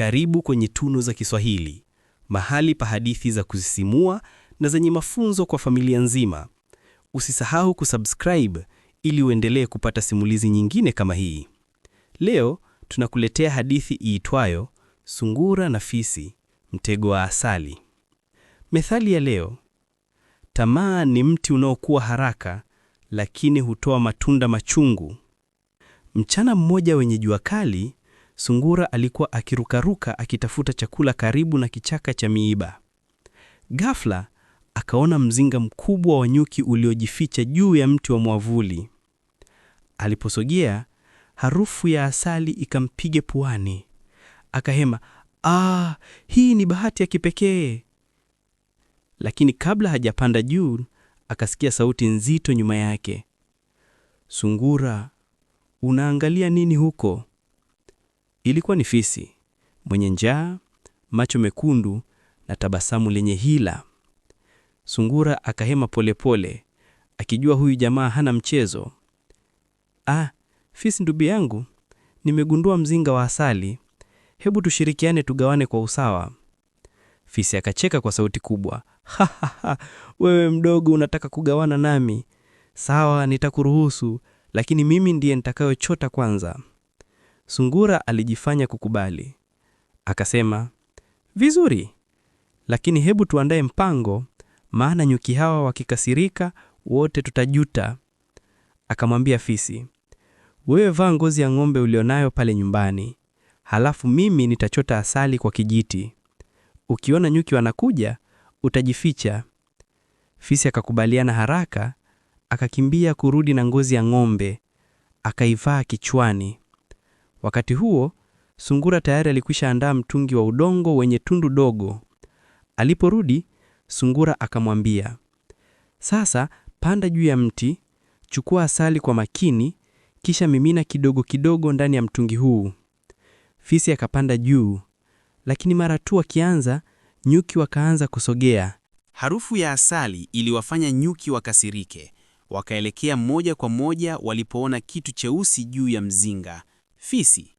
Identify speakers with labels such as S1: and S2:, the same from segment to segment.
S1: Karibu kwenye Tunu za Kiswahili, mahali pa hadithi za kusisimua na zenye mafunzo kwa familia nzima. Usisahau kusubscribe ili uendelee kupata simulizi nyingine kama hii. Leo tunakuletea hadithi iitwayo Sungura na Fisi, Mtego wa Asali. Methali ya leo: tamaa ni mti unaokuwa haraka, lakini hutoa matunda machungu. Mchana mmoja wenye jua kali, Sungura alikuwa akirukaruka akitafuta chakula karibu na kichaka cha miiba. Ghafla akaona mzinga mkubwa wa nyuki uliojificha juu ya mti wa mwavuli. Aliposogea, harufu ya asali ikampiga puani. Akahema, ah, hii ni bahati ya kipekee. Lakini kabla hajapanda juu, akasikia sauti nzito nyuma yake. Sungura, unaangalia nini huko? Ilikuwa ni fisi mwenye njaa, macho mekundu na tabasamu lenye hila. Sungura akahema polepole pole, akijua huyu jamaa hana mchezo. Ah, fisi ndubi yangu, nimegundua mzinga wa asali, hebu tushirikiane tugawane kwa usawa. Fisi akacheka kwa sauti kubwa, ha, ha, ha, wewe mdogo unataka kugawana nami? Sawa, nitakuruhusu, lakini mimi ndiye nitakayochota kwanza. Sungura alijifanya kukubali, akasema vizuri, lakini hebu tuandae mpango, maana nyuki hawa wakikasirika wote tutajuta. Akamwambia fisi, wewe vaa ngozi ya ng'ombe ulionayo pale nyumbani, halafu mimi nitachota asali kwa kijiti. Ukiona nyuki wanakuja, utajificha. Fisi akakubaliana haraka, akakimbia kurudi na ngozi ya ng'ombe akaivaa kichwani. Wakati huo sungura tayari alikwisha andaa mtungi wa udongo wenye tundu dogo. Aliporudi, sungura akamwambia, sasa panda juu ya mti, chukua asali kwa makini, kisha mimina kidogo kidogo ndani ya mtungi huu. Fisi akapanda juu, lakini mara tu akianza, nyuki wakaanza kusogea.
S2: Harufu ya asali iliwafanya nyuki wakasirike, wakaelekea moja kwa moja walipoona kitu cheusi juu ya mzinga fisi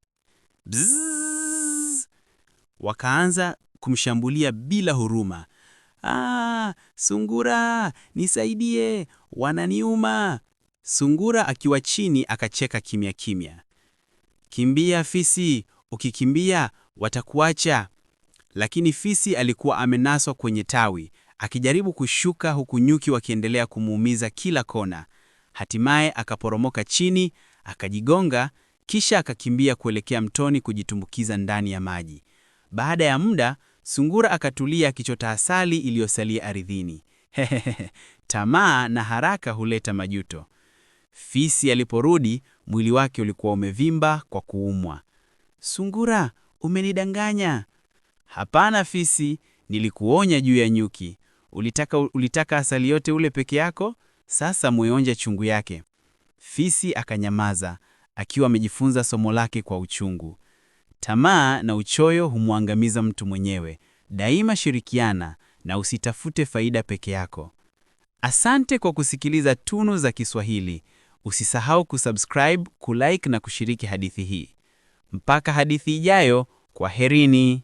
S2: Bzzz. Wakaanza kumshambulia bila huruma. Ah, sungura nisaidie, wananiuma. Sungura akiwa chini akacheka kimya kimya. Kimbia fisi, ukikimbia watakuacha. Lakini fisi alikuwa amenaswa kwenye tawi akijaribu kushuka, huku nyuki wakiendelea kumuumiza kila kona. Hatimaye akaporomoka chini akajigonga kisha akakimbia kuelekea mtoni kujitumbukiza ndani ya maji. Baada ya muda, sungura akatulia akichota asali iliyosalia ardhini. tamaa na haraka huleta majuto. Fisi aliporudi, mwili wake ulikuwa umevimba kwa kuumwa. Sungura, umenidanganya. Hapana fisi, nilikuonya juu ya nyuki. Ulitaka, ulitaka asali yote ule peke yako? Sasa mweonja chungu yake. Fisi akanyamaza akiwa amejifunza somo lake kwa uchungu. Tamaa na uchoyo humwangamiza mtu mwenyewe. Daima shirikiana na usitafute faida peke yako.
S1: Asante kwa kusikiliza Tunu za Kiswahili. Usisahau kusubscribe, kulike na kushiriki hadithi hii. Mpaka hadithi ijayo, kwaherini.